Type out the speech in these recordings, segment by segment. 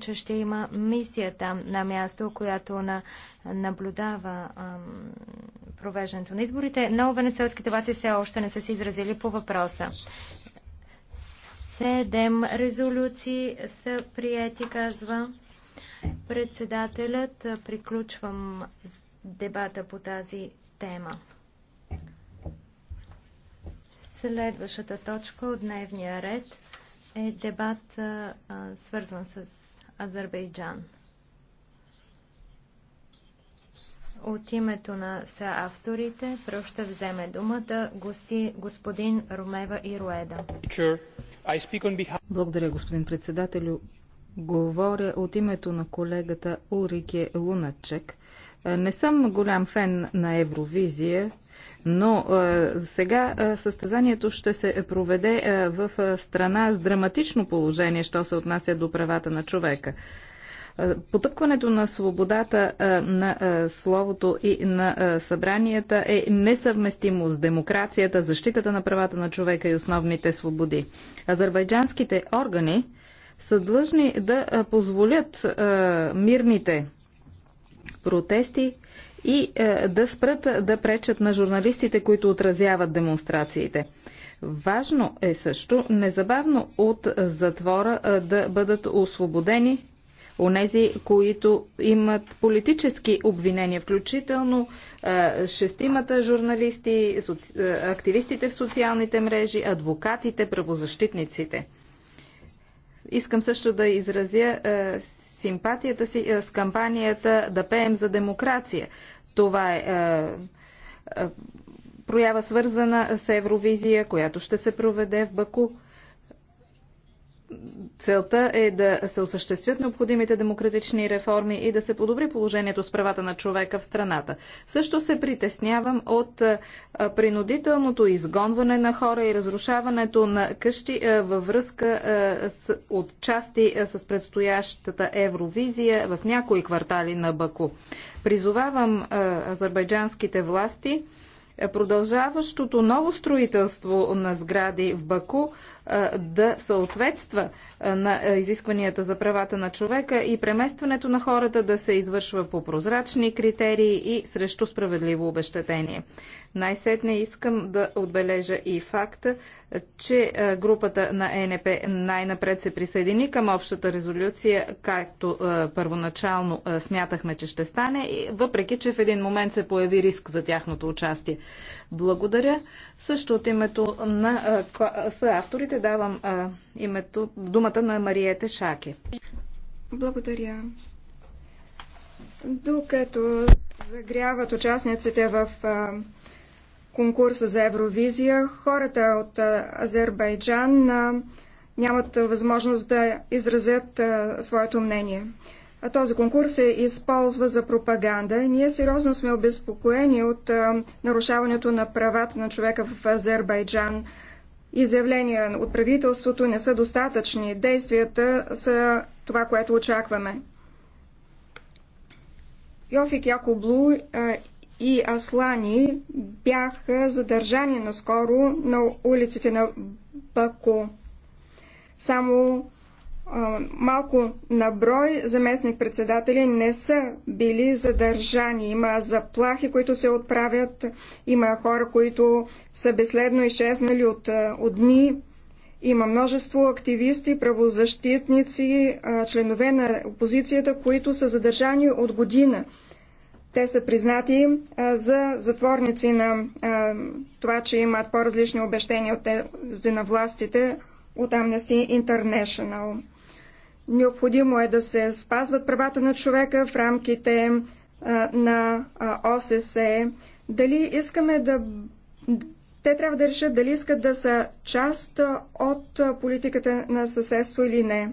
че ще има мисия там на място, която на, наблюдава ам, провеждането на изборите, но венецуелските власти все още не са се изразили по въпроса. Седем резолюции са прияти, казва председателят. Приключвам дебата по тази тема. Следващата точка от дневния ред е дебат, свързан с Азербайджан. От името на съавторите, първо ще вземе думата гости, господин Ромева Ируеда. Благодаря, господин председателю. Говоря от името на колегата Улрике Луначек. Е, не съм голям фен на Евровизия, но е, сега е, състезанието ще се проведе е, в страна с драматично положение, що се отнася до правата на човека. Потъпкването на свободата на словото и на събранията е несъвместимо с демокрацията, защитата на правата на човека и основните свободи. Азербайджанските органи са длъжни да позволят мирните протести и е, да спрат да пречат на журналистите, които отразяват демонстрациите. Важно е също незабавно от затвора е, да бъдат освободени онези, които имат политически обвинения, включително е, шестимата журналисти, активистите в социалните мрежи, адвокатите, правозащитниците. Искам също да изразя симпатията си е, с кампанията Да пеем за демокрация. Това е, е, е проява свързана с Евровизия, която ще се проведе в Баку. Целта е да се осъществят необходимите демократични реформи и да се подобри положението с правата на човека в страната. Също се притеснявам от принудителното изгонване на хора и разрушаването на къщи във връзка с, отчасти части с предстоящата Евровизия в някои квартали на Баку. Призовавам азербайджанските власти продължаващото ново строителство на сгради в Баку да съответства на изискванията за правата на човека и преместването на хората да се извършва по прозрачни критерии и срещу справедливо обещетение. Най-сетне искам да отбележа и факта, че групата на ЕНП най-напред се присъедини към общата резолюция, както първоначално смятахме, че ще стане, въпреки че в един момент се появи риск за тяхното участие. Благодаря. Също от името на авторите давам името, думата на Мариете Шаке. Благодаря. Докато загряват участниците в конкурса за Евровизия, хората от Азербайджан нямат възможност да изразят своето мнение а този конкурс се използва за пропаганда. Ние сериозно сме обезпокоени от а, нарушаването на правата на човека в Азербайджан. Изявления от правителството не са достатъчни. Действията са това, което очакваме. Йофик Якоблу а, и Аслани бяха задържани наскоро на улиците на Баку. Само малко на брой заместник-председатели не са били задържани. Има заплахи, които се отправят, има хора, които са безследно изчезнали от, от дни. Има множество активисти, правозащитници, членове на опозицията, които са задържани от година. Те са признати за затворници на това, че имат по-различни обещения от тези на властите от Amnesty International. Необходимо е да се спазват правата на човека в рамките на ОССЕ. Дали искаме да. Те трябва да решат дали искат да са част от политиката на съседство или не.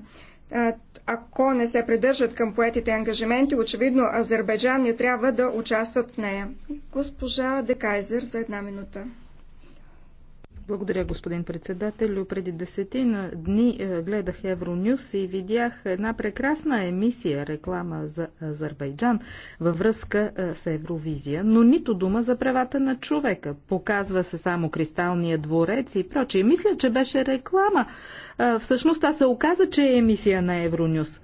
Ако не се придържат към поетите ангажименти, очевидно Азербайджан не трябва да участват в нея. Госпожа Декайзер за една минута. Благодаря, господин председател. Преди десетина дни е, гледах Евронюс и видях една прекрасна емисия реклама за Азербайджан във връзка е, с Евровизия, но нито дума за правата на човека. Показва се само Кристалния дворец и прочие. Мисля, че беше реклама. Е, всъщност, това се оказа, че е емисия на Евронюс.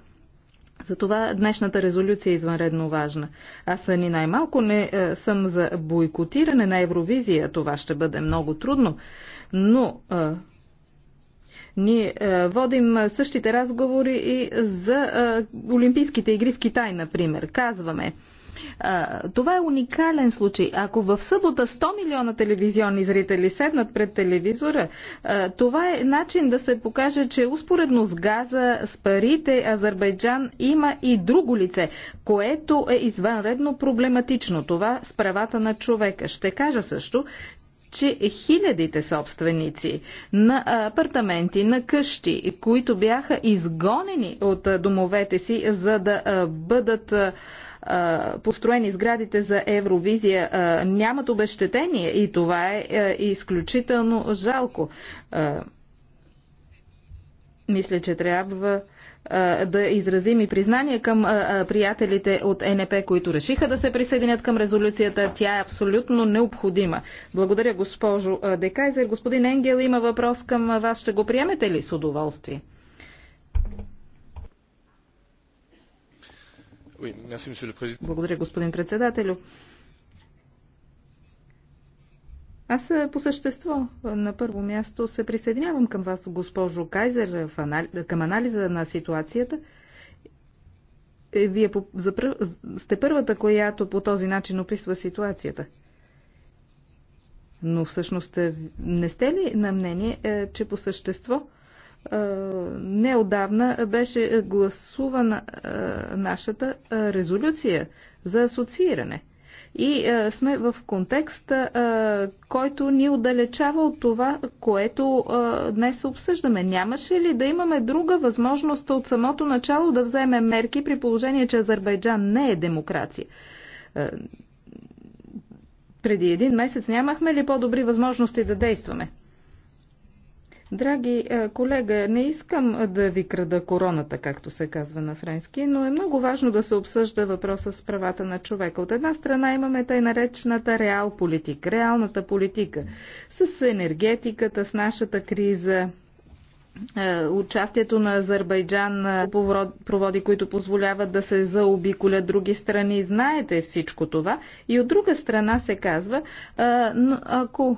Затова днешната резолюция е извънредно важна. Аз ни най-малко не е, съм за бойкотиране на Евровизия. Това ще бъде много трудно. Но е, ние е, водим същите разговори и за е, Олимпийските игри в Китай, например. Казваме, това е уникален случай. Ако в събота 100 милиона телевизионни зрители седнат пред телевизора, това е начин да се покаже, че успоредно с газа, с парите, Азербайджан има и друго лице, което е извънредно проблематично. Това с правата на човека. Ще кажа също, че хилядите собственици на апартаменти, на къщи, които бяха изгонени от домовете си, за да бъдат построени сградите за Евровизия нямат обещетение и това е изключително жалко. Мисля, че трябва да изразим и признание към приятелите от НП, които решиха да се присъединят към резолюцията. Тя е абсолютно необходима. Благодаря, госпожо Декайзер. Господин Енгел има въпрос към вас. Ще го приемете ли с удоволствие? Благодаря, господин председателю. Аз е, по същество на първо място се присъединявам към вас, госпожо Кайзер, анали... към анализа на ситуацията. Е, вие по... за... сте първата, която по този начин описва ситуацията. Но всъщност е, не сте ли на мнение, че по същество е, неодавна беше гласувана е, нашата е, резолюция за асоцииране. И а, сме в контекст, а, който ни отдалечава от това, което а, днес обсъждаме. Нямаше ли да имаме друга възможност от самото начало да вземем мерки при положение, че Азербайджан не е демокрация? А, преди един месец нямахме ли по-добри възможности да действаме? Драги е, колега, не искам да ви крада короната, както се казва на френски, но е много важно да се обсъжда въпроса с правата на човека. От една страна имаме тъй наречената реал политик, реалната политика с енергетиката, с нашата криза, е, участието на Азербайджан е, проводи, които позволяват да се заобиколят други страни. Знаете всичко това. И от друга страна се казва, ако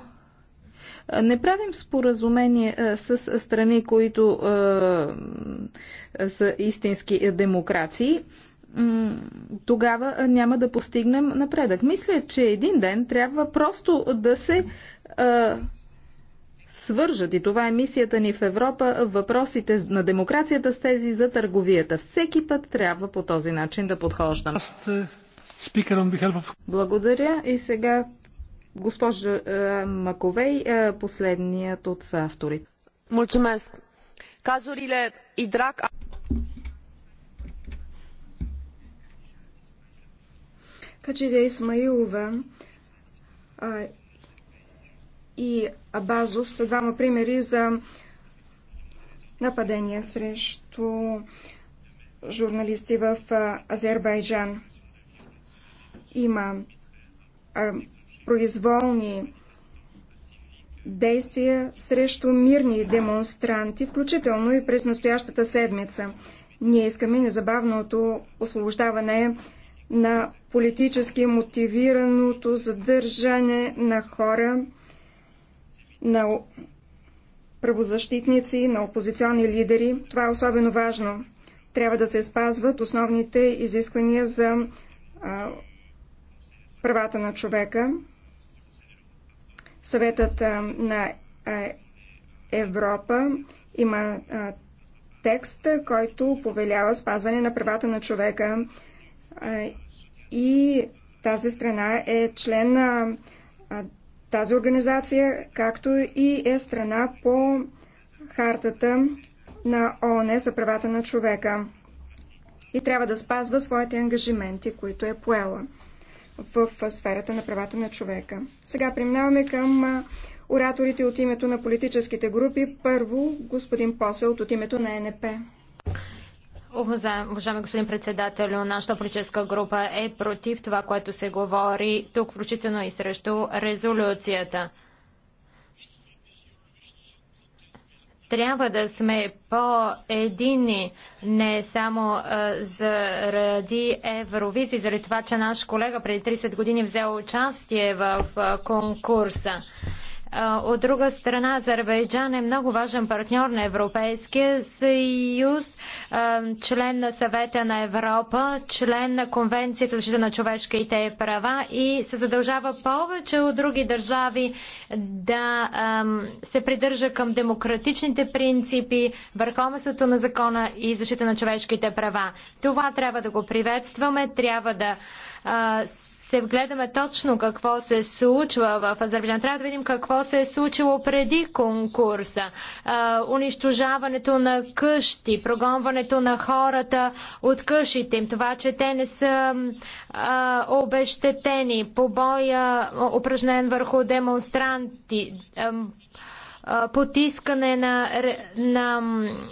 не правим споразумение с страни, които са истински демокрации тогава няма да постигнем напредък. Мисля, че един ден трябва просто да се а, свържат, и това е мисията ни в Европа, въпросите на демокрацията с тези за търговията. Всеки път трябва по този начин да подхождам. Е, Благодаря и сега Госпожа е, Маковей, е, последният от авторите. Mulțumesc. и драк. Качиде Исмаилова а, и Абазов са двама примери за нападения срещу журналисти в Азербайджан. Има произволни действия срещу мирни демонстранти, включително и през настоящата седмица. Ние искаме незабавното освобождаване на политически мотивираното задържане на хора, на правозащитници, на опозиционни лидери. Това е особено важно. Трябва да се спазват основните изисквания за а, правата на човека. Съветът на Европа има текст, който повелява спазване на правата на човека и тази страна е член на тази организация, както и е страна по хартата на ООН за правата на човека и трябва да спазва своите ангажименти, които е поела в сферата на правата на човека. Сега преминаваме към ораторите от името на политическите групи. Първо, господин Посел от името на НП. Уважаеми господин председател, нашата политическа група е против това, което се говори тук, включително и срещу резолюцията. Трябва да сме по-едини, не само а, заради евровизи, заради това, че наш колега преди 30 години взел участие в а, конкурса. От друга страна, Азербайджан е много важен партньор на Европейския съюз, член на съвета на Европа, член на Конвенцията за защита на човешките права и се задължава повече от други държави да се придържа към демократичните принципи, върховенството на закона и защита на човешките права. Това трябва да го приветстваме, трябва да се вгледаме точно какво се случва в Азербайджан. Трябва да видим какво се е случило преди конкурса. А, унищожаването на къщи, прогонването на хората от къщите им, това, че те не са а, обещетени, побоя упражнен върху демонстранти. А, потискане на, на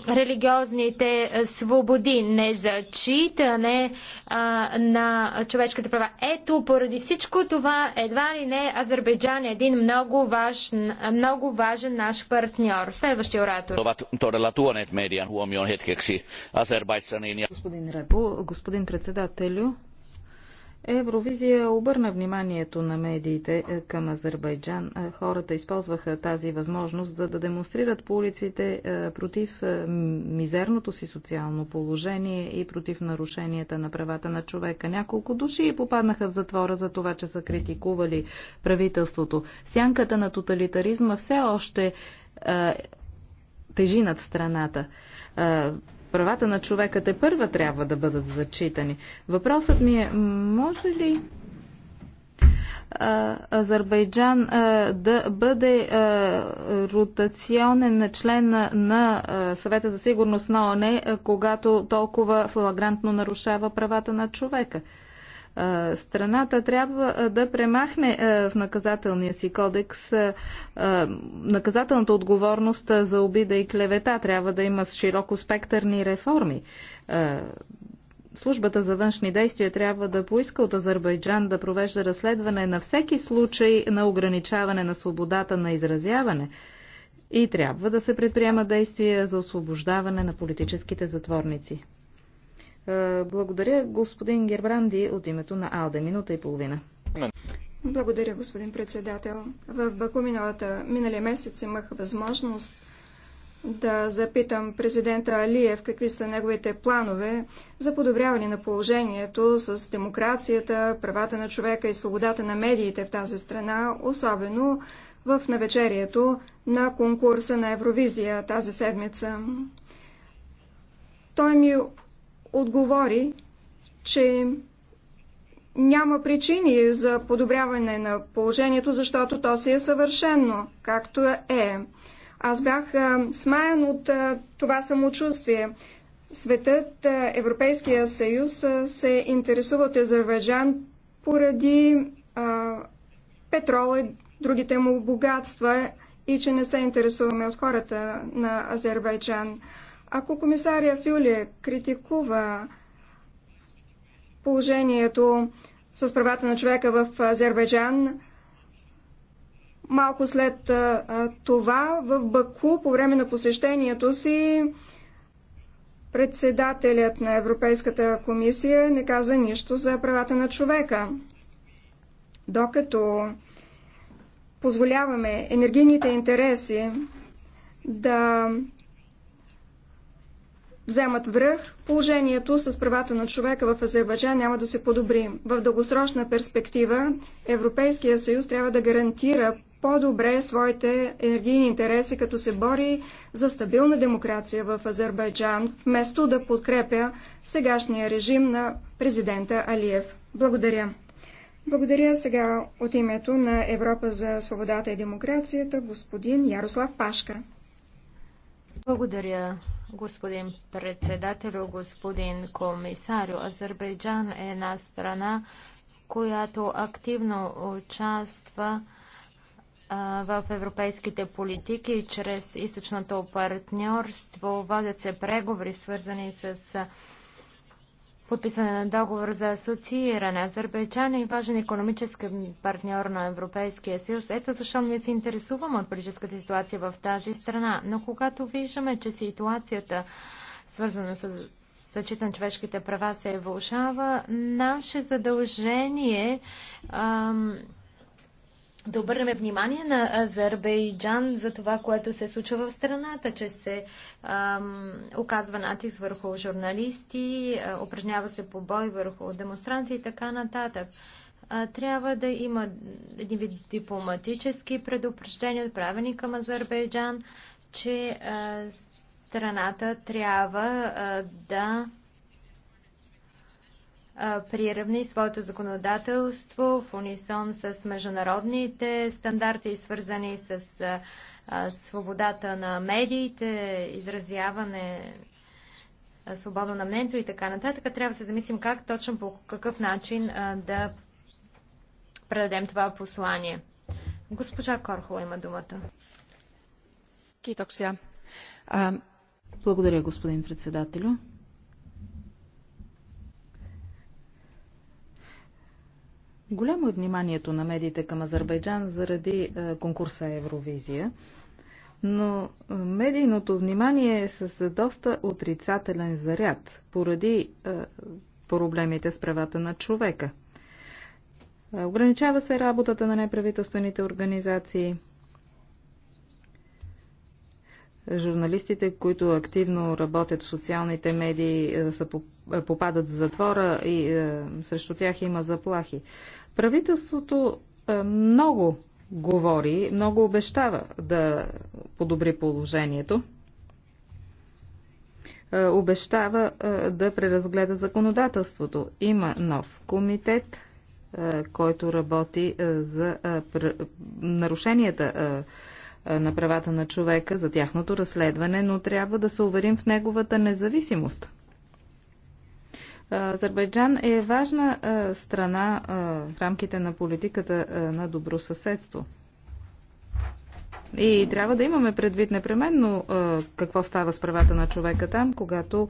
религиозните е, свободи, незачитане а, на човешките права. Ето, поради всичко това, едва ли не, Азербайджан е един много, важ, много важен наш партньор. Следващия оратор. Господин Репо, господин председателю, Евровизия обърна вниманието на медиите е, към Азербайджан. Е, хората използваха тази възможност за да демонстрират по улиците е, против мизерното си социално положение и против нарушенията на правата на човека. Няколко души попаднаха в затвора за това, че са критикували правителството. Сянката на тоталитаризма все още тежи над страната Правата на човека те първа трябва да бъдат зачитани. Въпросът ми е, може ли Азербайджан да бъде ротационен член на съвета за сигурност на ОНЕ, когато толкова флагрантно нарушава правата на човека. Страната трябва да премахне в наказателния си кодекс наказателната отговорност за обида и клевета. Трябва да има широко спектърни реформи. Службата за външни действия трябва да поиска от Азербайджан да провежда разследване на всеки случай на ограничаване на свободата на изразяване и трябва да се предприема действия за освобождаване на политическите затворници. Е, благодаря господин Гербранди от името на Алде. Минута и половина. Благодаря, господин председател. В Баку миналата, миналия месец имах възможност да запитам президента Алиев какви са неговите планове за подобряване на положението с демокрацията, правата на човека и свободата на медиите в тази страна, особено в навечерието на конкурса на Евровизия тази седмица. Той ми отговори, че няма причини за подобряване на положението, защото то си е съвършено, както е. Аз бях смаян от това самочувствие. Светът, Европейския съюз се интересува от Азербайджан поради а, петрола и другите му богатства и че не се интересуваме от хората на Азербайджан. Ако комисария Фюле критикува положението с правата на човека в Азербайджан, малко след това в Баку, по време на посещението си, председателят на Европейската комисия не каза нищо за правата на човека. Докато позволяваме енергийните интереси да вземат връх, положението с правата на човека в Азербайджан няма да се подобри. В дългосрочна перспектива Европейския съюз трябва да гарантира по-добре своите енергийни интереси, като се бори за стабилна демокрация в Азербайджан, вместо да подкрепя сегашния режим на президента Алиев. Благодаря. Благодаря сега от името на Европа за свободата и демокрацията господин Ярослав Пашка. Благодаря, Господин председател, господин комисар, Азербайджан е една страна, която активно участва в европейските политики и чрез източното партньорство водят се преговори, свързани с подписване на договор за асоцииране. Азербайджан е важен економически партньор на Европейския съюз. Ето защо ние се интересуваме от политическата ситуация в тази страна. Но когато виждаме, че ситуацията, свързана с зачитан човешките права, се влушава, наше задължение ам, да обърнем внимание на Азербайджан за това, което се случва в страната, че се ам, оказва натиск върху журналисти, а, упражнява се побой върху демонстранти и така нататък. А, трябва да има един вид дипломатически предупреждения, отправени към Азербайджан, че а, страната трябва а, да приравни своето законодателство в унисон с международните стандарти, свързани с свободата на медиите, изразяване свобода на мнението и така нататък. Трябва да се замислим как точно по какъв начин да предадем това послание. Госпожа Корхова има думата. Китоксия. Благодаря, господин председателю. Голямо е вниманието на медиите към Азербайджан заради е, конкурса Евровизия, но е, медийното внимание е с е, доста отрицателен заряд поради проблемите с правата на човека. Ограничава се работата на неправителствените организации. Журналистите, които активно работят в социалните медии, са попадат в затвора и е, срещу тях има заплахи. Правителството е, много говори, много обещава да подобри положението. Е, обещава е, да преразгледа законодателството. Има нов комитет, който работи за нарушенията на правата на човека, за тяхното разследване, но трябва да се уверим в неговата независимост. Азербайджан е важна страна в рамките на политиката на добро съседство. И трябва да имаме предвид непременно какво става с правата на човека там, когато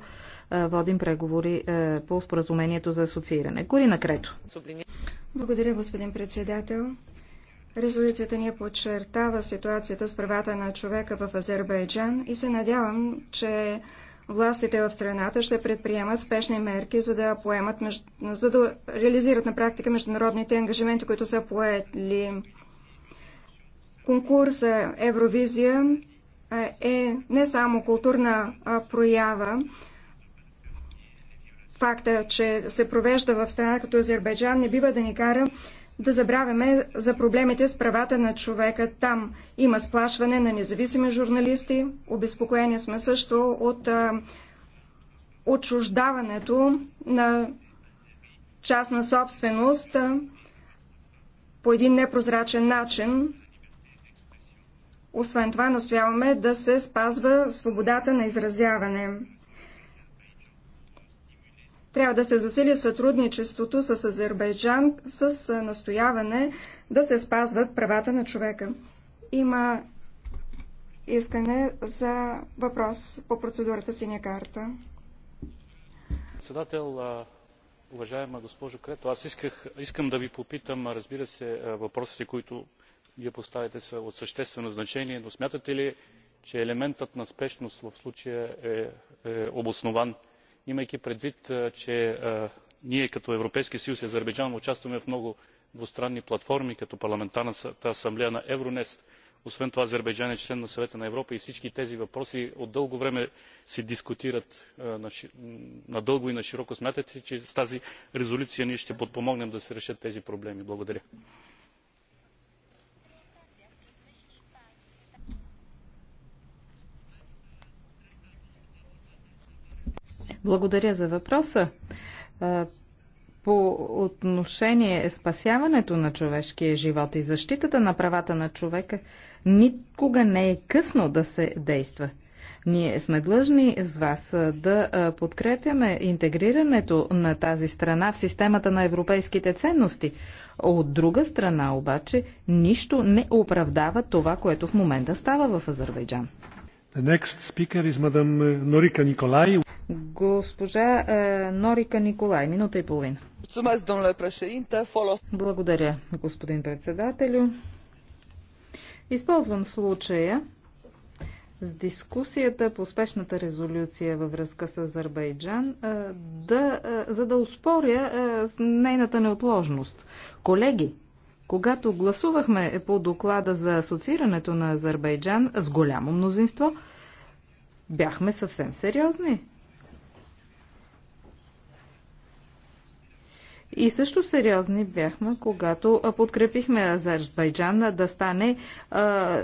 водим преговори по споразумението за асоцииране. Корина Крето. Благодаря, господин председател. Резолюцията ни подчертава ситуацията с правата на човека в Азербайджан и се надявам, че Властите в страната ще предприемат спешни мерки, за да, поемат, за да реализират на практика международните ангажименти, които са поели. Конкурса Евровизия е не само културна проява, факта, че се провежда в страна като Азербайджан, не бива да ни кара да забравяме за проблемите с правата на човека там. Има сплашване на независими журналисти. Обезпокоени сме също от а, отчуждаването на частна собственост а, по един непрозрачен начин. Освен това, настояваме да се спазва свободата на изразяване. Трябва да се засили сътрудничеството с Азербайджан с настояване да се спазват правата на човека. Има искане за въпрос по процедурата синя карта. Председател, уважаема госпожо Крето, аз исках, искам да ви попитам, разбира се, въпросите, които вие поставяте са от съществено значение, но смятате ли, че елементът на спешност в случая е, е обоснован? имайки предвид че ние като европейски съюз и азербайджан участваме в много двустранни платформи като парламентарната асамблея на евронест освен това азербайджан е член на съвета на европа и всички тези въпроси от дълго време се дискутират надълго и нашироко. смятате ли че с тази резолюция ние ще подпомогнем да се решат тези проблеми? благодаря. Благодаря за въпроса. По отношение спасяването на човешкия живот и защитата на правата на човека, никога не е късно да се действа. Ние сме длъжни с вас да подкрепяме интегрирането на тази страна в системата на европейските ценности. От друга страна обаче, нищо не оправдава това, което в момента става в Азербайджан. The next speaker is Madame Norika Nikolai. Госпожа е, Норика Николай, минута и половина. Благодаря, господин председателю. Използвам случая с дискусията по спешната резолюция във връзка с Азербайджан, е, да, е, за да успоря нейната неотложност. Колеги, когато гласувахме по доклада за асоциирането на Азербайджан с голямо мнозинство, бяхме съвсем сериозни. И също сериозни бяхме, когато подкрепихме Азербайджан да стане а,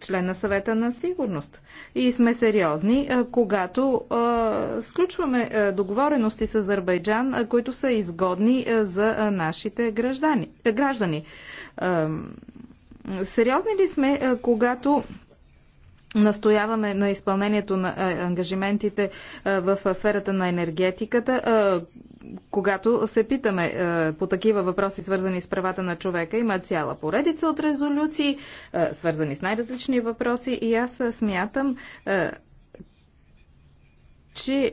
член на съвета на сигурност. И сме сериозни, а, когато а, сключваме а, договорености с Азербайджан, а, които са изгодни а, за а, нашите граждани. А, граждани. А, сериозни ли сме, а, когато Настояваме на изпълнението на е, ангажиментите е, в сферата на енергетиката. Е, когато се питаме по такива въпроси, свързани с правата на човека, има цяла поредица от резолюции, свързани с най-различни въпроси и аз смятам, че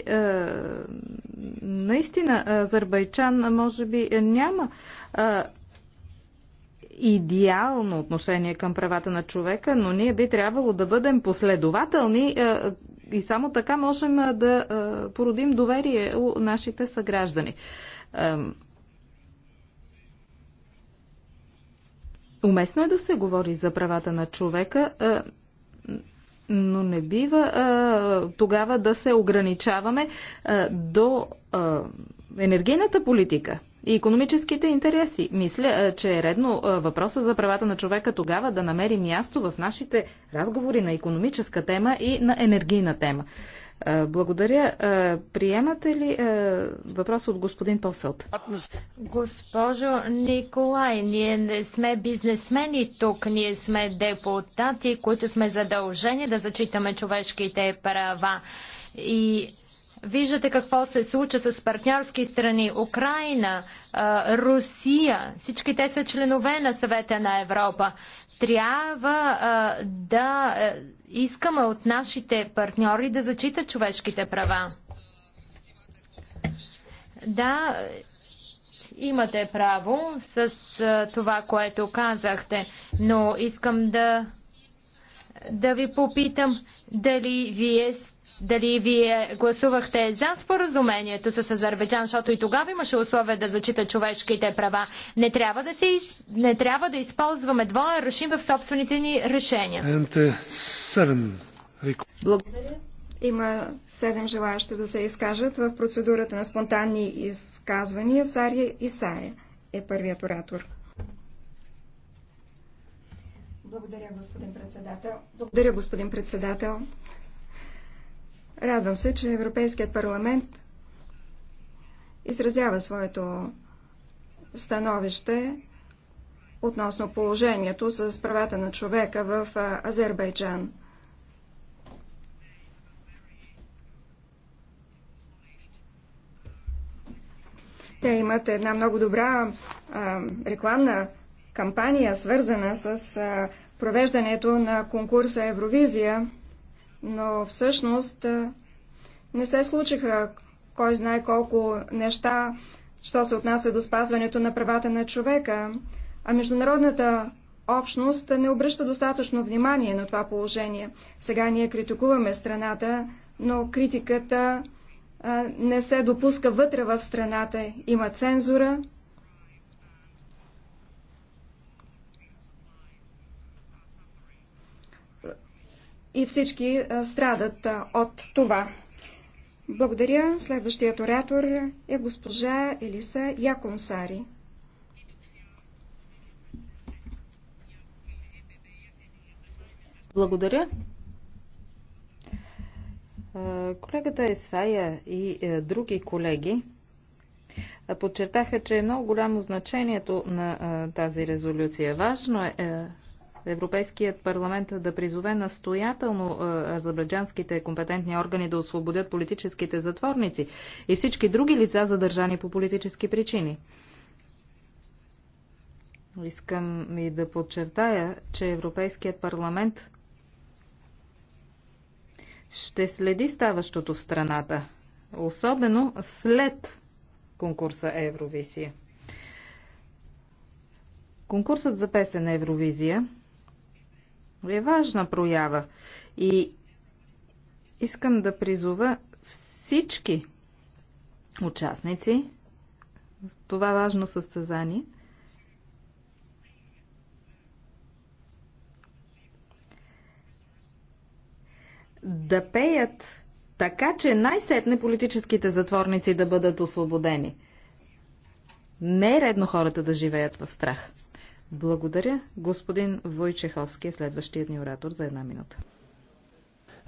наистина Азербайджан може би няма идеално отношение към правата на човека, но ние би трябвало да бъдем последователни е, и само така можем е, да е, породим доверие у нашите съграждани. Уместно е да се говори за правата на човека, но не бива тогава да се ограничаваме до енергийната политика и економическите интереси. Мисля, е, че е редно е, въпроса за правата на човека тогава да намери място в нашите разговори на економическа тема и на енергийна тема. Е, благодаря. Приемате ли въпрос от господин Посълт? Госпожо Николай, ние не сме бизнесмени тук, ние сме депутати, които сме задължени да зачитаме човешките права. И Виждате какво се случва с партньорски страни Украина, Русия. Всички те са членове на съвета на Европа. Трябва да искаме от нашите партньори да зачитат човешките права. Да, имате право с това, което казахте, но искам да, да ви попитам дали вие сте дали вие гласувахте за споразумението с Азербайджан, защото и тогава имаше условия да зачита човешките права. Не трябва да, се, не трябва да използваме двоя решим в собствените ни решения. Благодаря. Има седем желаящи да се изкажат в процедурата на спонтанни изказвания. Сария Исая е първият оратор. Благодаря, господин председател. Благодаря, господин председател. Радвам се, че Европейският парламент изразява своето становище относно положението с правата на човека в Азербайджан. Те имат една много добра а, рекламна кампания, свързана с а, провеждането на конкурса Евровизия но всъщност не се случиха кой знае колко неща, що се отнася до спазването на правата на човека, а международната общност не обръща достатъчно внимание на това положение. Сега ние критикуваме страната, но критиката не се допуска вътре в страната. Има цензура, и всички е, страдат е, от това. Благодаря. Следващият оратор е госпожа Елиса Яконсари. Благодаря. Е, колегата Есая и други колеги подчертаха, че е много голямо значението на тази резолюция. Важно е Европейският парламент да призове настоятелно е, азербайджанските компетентни органи да освободят политическите затворници и всички други лица задържани по политически причини. Искам и да подчертая, че Европейският парламент ще следи ставащото в страната, особено след конкурса Евровизия. Конкурсът за песен Евровизия е важна проява и искам да призова всички участници в това важно състезание да пеят така, че най-сетне политическите затворници да бъдат освободени. Не е редно хората да живеят в страх. Благодаря. Господин Войчеховски е следващият ни оратор за една минута.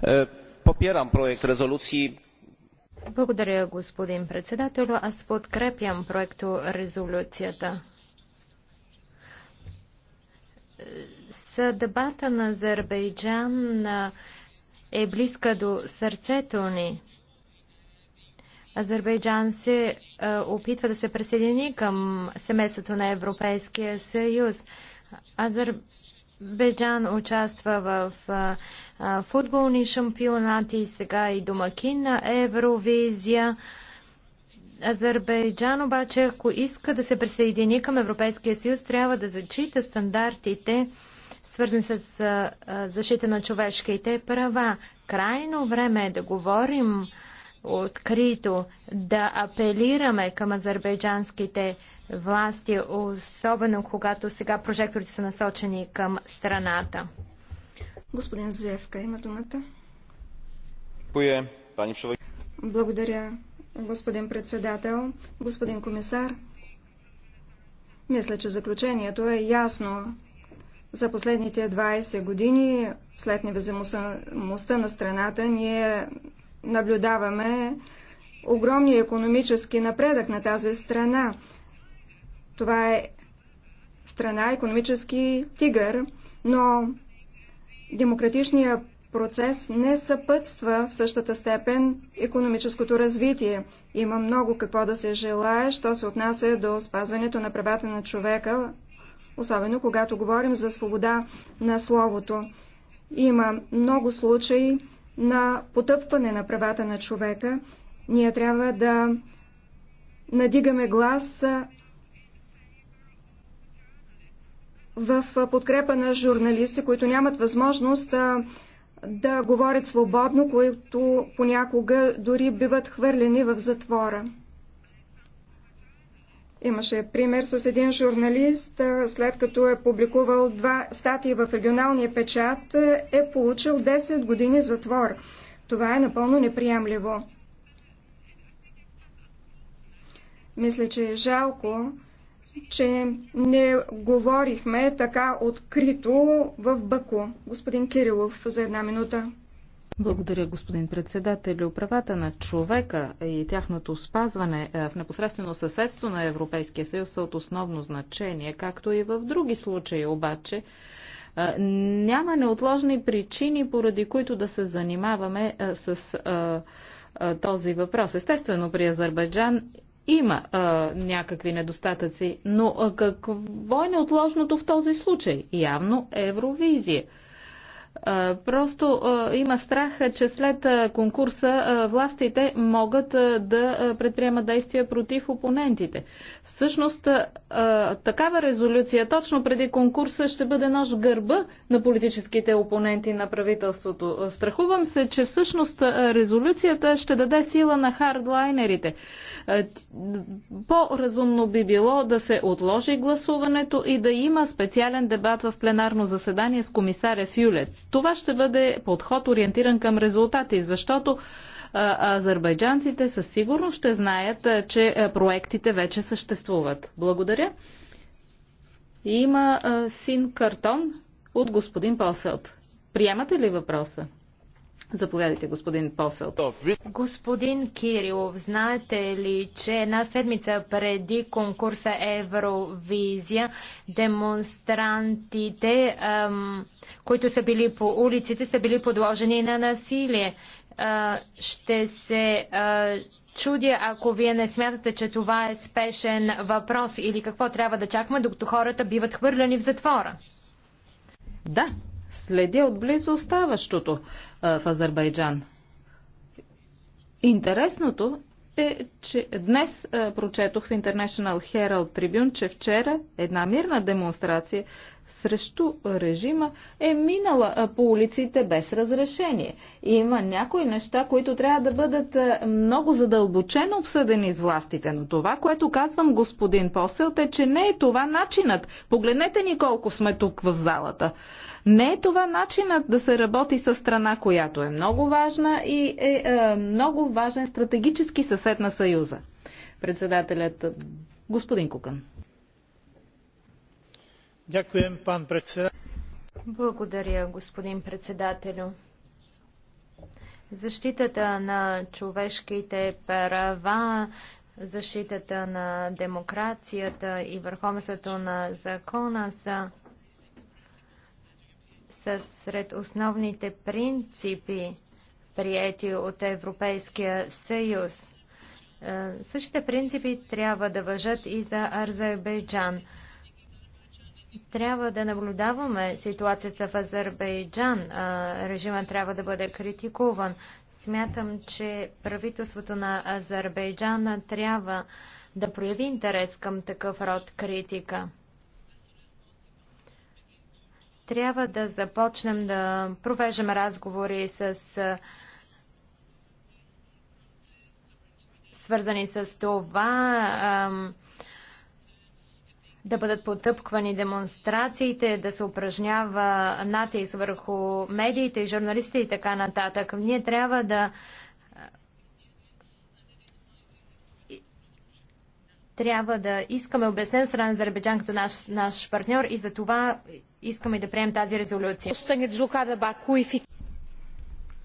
Е, попирам проект резолюции. Благодаря, господин председател. Аз подкрепям проекто резолюцията. Съдбата на Азербайджан е близка до сърцето ни. Азербайджан се а, опитва да се присъедини към семейството на Европейския съюз. Азербайджан участва в а, а, футболни шампионати, сега и домакин на Евровизия. Азербайджан обаче, ако иска да се присъедини към Европейския съюз, трябва да зачита стандартите, свързани с а, защита на човешките права. Крайно време е да говорим открито да апелираме към азербайджанските власти, особено когато сега прожекторите са насочени към страната. Господин Зевка има думата. Благодаря, господин председател, господин комисар. Мисля, че заключението е ясно. За последните 20 години след невизимостта на страната ние наблюдаваме огромния економически напредък на тази страна. Това е страна економически тигър, но демократичният процес не съпътства в същата степен економическото развитие. Има много какво да се желае, що се отнася до спазването на правата на човека, особено когато говорим за свобода на словото. Има много случаи на потъпване на правата на човека. Ние трябва да надигаме глас в подкрепа на журналисти, които нямат възможност да, да говорят свободно, които понякога дори биват хвърлени в затвора. Имаше пример с един журналист, след като е публикувал два статии в регионалния печат, е, е получил 10 години затвор. Това е напълно неприемливо. Мисля, че е жалко, че не говорихме така открито в Баку. Господин Кирилов, за една минута. Благодаря, господин председател. Правата на човека и тяхното спазване е, в непосредствено съседство на Европейския съюз са от основно значение, както и в други случаи обаче. Е, няма неотложни причини, поради които да се занимаваме е, с този въпрос. Естествено, при Азербайджан има а, някакви недостатъци, но а, какво е неотложното в този случай? Явно Евровизия. Просто има страх, че след конкурса властите могат да предприемат действия против опонентите. Всъщност, такава резолюция точно преди конкурса ще бъде нож гърба на политическите опоненти на правителството. Страхувам се, че всъщност резолюцията ще даде сила на хардлайнерите. По-разумно би било да се отложи гласуването и да има специален дебат в пленарно заседание с комисаря Фюлет това ще бъде подход ориентиран към резултати, защото азербайджанците със сигурност ще знаят, че проектите вече съществуват. Благодаря. Има син картон от господин Поселт. Приемате ли въпроса? Заповядайте, господин Посъл. Господин Кирилов, знаете ли, че една седмица преди конкурса Евровизия демонстрантите, ам, които са били по улиците, са били подложени на насилие? А, ще се а, чудя, ако вие не смятате, че това е спешен въпрос или какво трябва да чакаме, докато хората биват хвърляни в затвора. Да, следя отблизо оставащото в Азербайджан. Интересното е, че днес прочетох в International Herald Tribune, че вчера една мирна демонстрация срещу режима е минала по улиците без разрешение. И има някои неща, които трябва да бъдат много задълбочено обсъдени с властите. Но това, което казвам господин Посел, е, че не е това начинът. Погледнете ни колко сме тук в залата. Не е това начинът да се работи с страна, която е много важна и е, е много важен стратегически съсед на Съюза. Председателят господин Кукан. Дякуем, пан председател. Благодаря, господин председателю. Защитата на човешките права, защитата на демокрацията и върховенството на закона са са сред основните принципи, приети от Европейския съюз. Е, същите принципи трябва да въжат и за Азербайджан. Трябва да наблюдаваме ситуацията в Азербайджан. Е, Режимът трябва да бъде критикуван. Смятам, че правителството на Азербайджан трябва да прояви интерес към такъв род критика. Трябва да започнем да провеждаме разговори с свързани с това да бъдат потъпквани демонстрациите, да се упражнява натиск върху медиите и журналистите и така нататък. Ние трябва да трябва да искаме обяснен страна на Азербайджан като наш, наш партньор и за това искаме да приемем тази резолюция.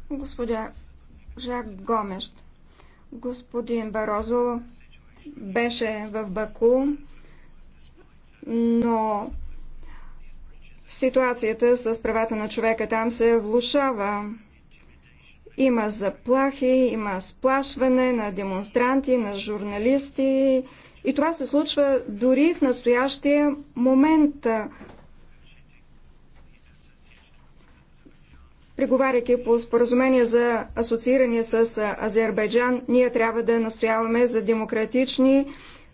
Господя Жак Гомещ, господин Барозо беше в Баку, но ситуацията с правата на човека там се влушава. Има заплахи, има сплашване на демонстранти, на журналисти. И това се случва дори в настоящия момент. преговаряйки по споразумение за асоцииране с Азербайджан, ние трябва да настояваме за демократични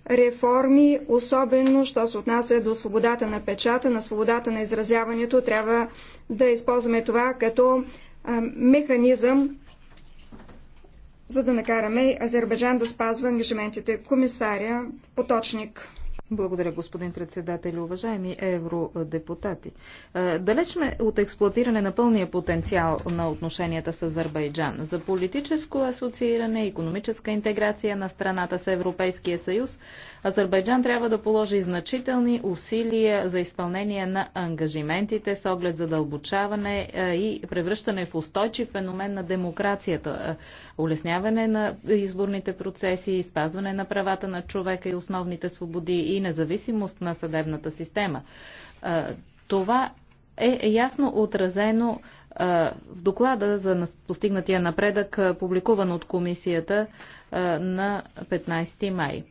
реформи, особено, що се отнася до свободата на печата, на свободата на изразяването, трябва да използваме това като механизъм, за да накараме Азербайджан да спазва ангажиментите. Комисаря Поточник. Благодаря, господин председател. Уважаеми евродепутати, далеч сме от експлуатиране на пълния потенциал на отношенията с Азербайджан за политическо асоцииране, економическа интеграция на страната с Европейския съюз Азербайджан трябва да положи значителни усилия за изпълнение на ангажиментите с оглед задълбочаване и превръщане в устойчив феномен на демокрацията, улесняване на изборните процеси, спазване на правата на човека и основните свободи и независимост на съдебната система. Това е ясно отразено в доклада за постигнатия напредък, публикуван от комисията на 15 май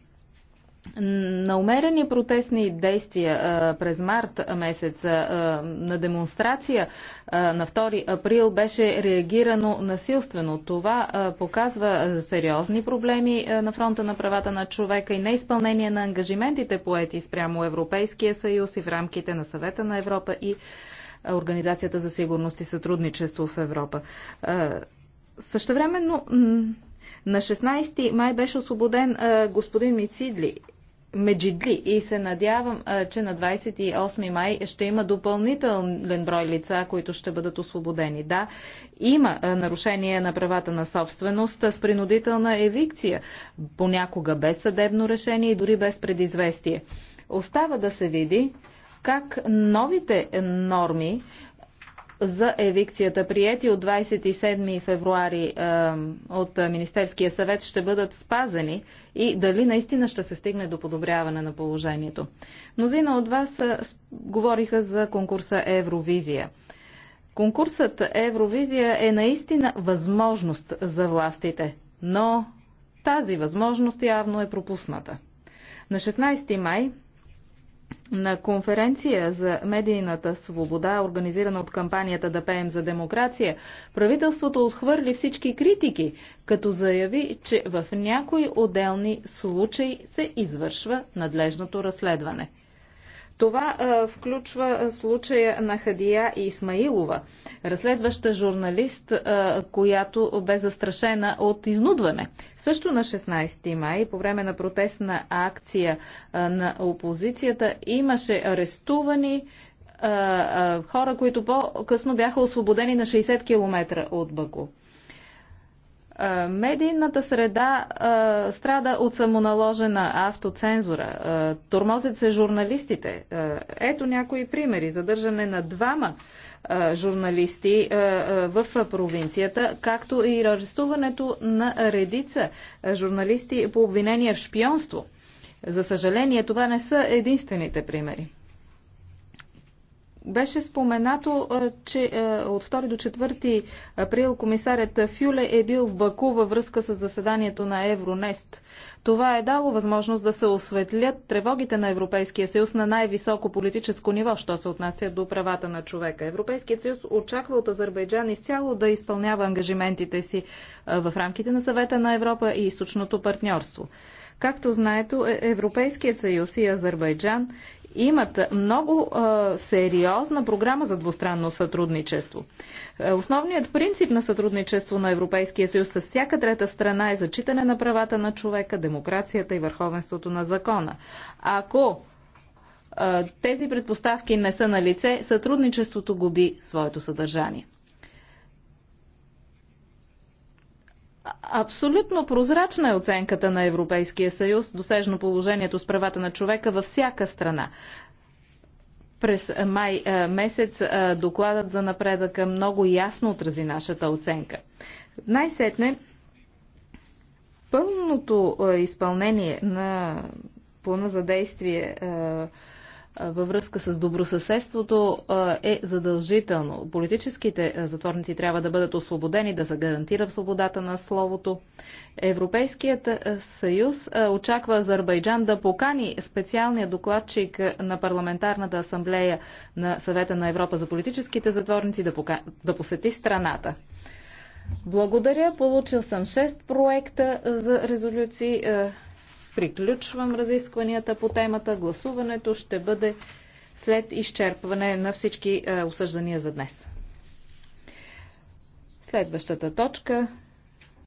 на умерени протестни действия през март месец на демонстрация на 2 април беше реагирано насилствено. Това показва сериозни проблеми на фронта на правата на човека и неизпълнение на ангажиментите поети спрямо Европейския съюз и в рамките на съвета на Европа и Организацията за сигурност и сътрудничество в Европа. Същевременно на 16 май беше освободен господин Мицидли Меджидли и се надявам, че на 28 май ще има допълнителен брой лица, които ще бъдат освободени. Да, има нарушение на правата на собственост с принудителна евикция, понякога без съдебно решение и дори без предизвестие. Остава да се види как новите норми за евикцията, приети от 27 февруари е, от Министерския съвет, ще бъдат спазени и дали наистина ще се стигне до подобряване на положението. Мнозина от вас е, говориха за конкурса Евровизия. Конкурсът Евровизия е наистина възможност за властите, но тази възможност явно е пропусната. На 16 май на конференция за медийната свобода, организирана от кампанията Да пеем за демокрация, правителството отхвърли всички критики, като заяви, че в някои отделни случаи се извършва надлежното разследване. Това а, включва случая на Хадия Исмаилова, разследваща журналист, а, която бе застрашена от изнудване. Също на 16 май, по време на протестна акция а, на опозицията, имаше арестувани хора, които по-късно бяха освободени на 60 км от Баку. Медийната среда а, страда от самоналожена автоцензура. А, тормозят се журналистите. А, ето някои примери. Задържане на двама а, журналисти а, а, в провинцията, както и арестуването на редица журналисти по обвинение в шпионство. За съжаление, това не са единствените примери. Беше споменато, че от 2 до 4 април комисарят Фюле е бил в Баку във връзка с заседанието на Евронест. Това е дало възможност да се осветлят тревогите на Европейския съюз на най-високо политическо ниво, що се отнася до правата на човека. Европейският съюз очаква от Азербайджан изцяло да изпълнява ангажиментите си в рамките на съвета на Европа и източното партньорство. Както знаете, е- Европейският съюз и Азербайджан имат много а, сериозна програма за двустранно сътрудничество. Е, основният принцип на сътрудничество на Европейския съюз с всяка трета страна е зачитане на правата на човека, демокрацията и върховенството на закона. Ако а, тези предпоставки не са на лице, сътрудничеството губи своето съдържание. Абсолютно прозрачна е оценката на Европейския съюз, досежно положението с правата на човека във всяка страна. През май месец докладът за напредъка много ясно отрази нашата оценка. Най-сетне, пълното изпълнение на плана за действие във връзка с добросъседството е задължително. Политическите затворници трябва да бъдат освободени, да загарантира гарантира свободата на словото. Европейският съюз очаква Азербайджан да покани специалния докладчик на Парламентарната асамблея на Съвета на Европа за политическите затворници да, пока... да посети страната. Благодаря. Получил съм 6 проекта за резолюции. Приключвам разискванията по темата. Гласуването ще бъде след изчерпване на всички е, осъждания за днес. Следващата точка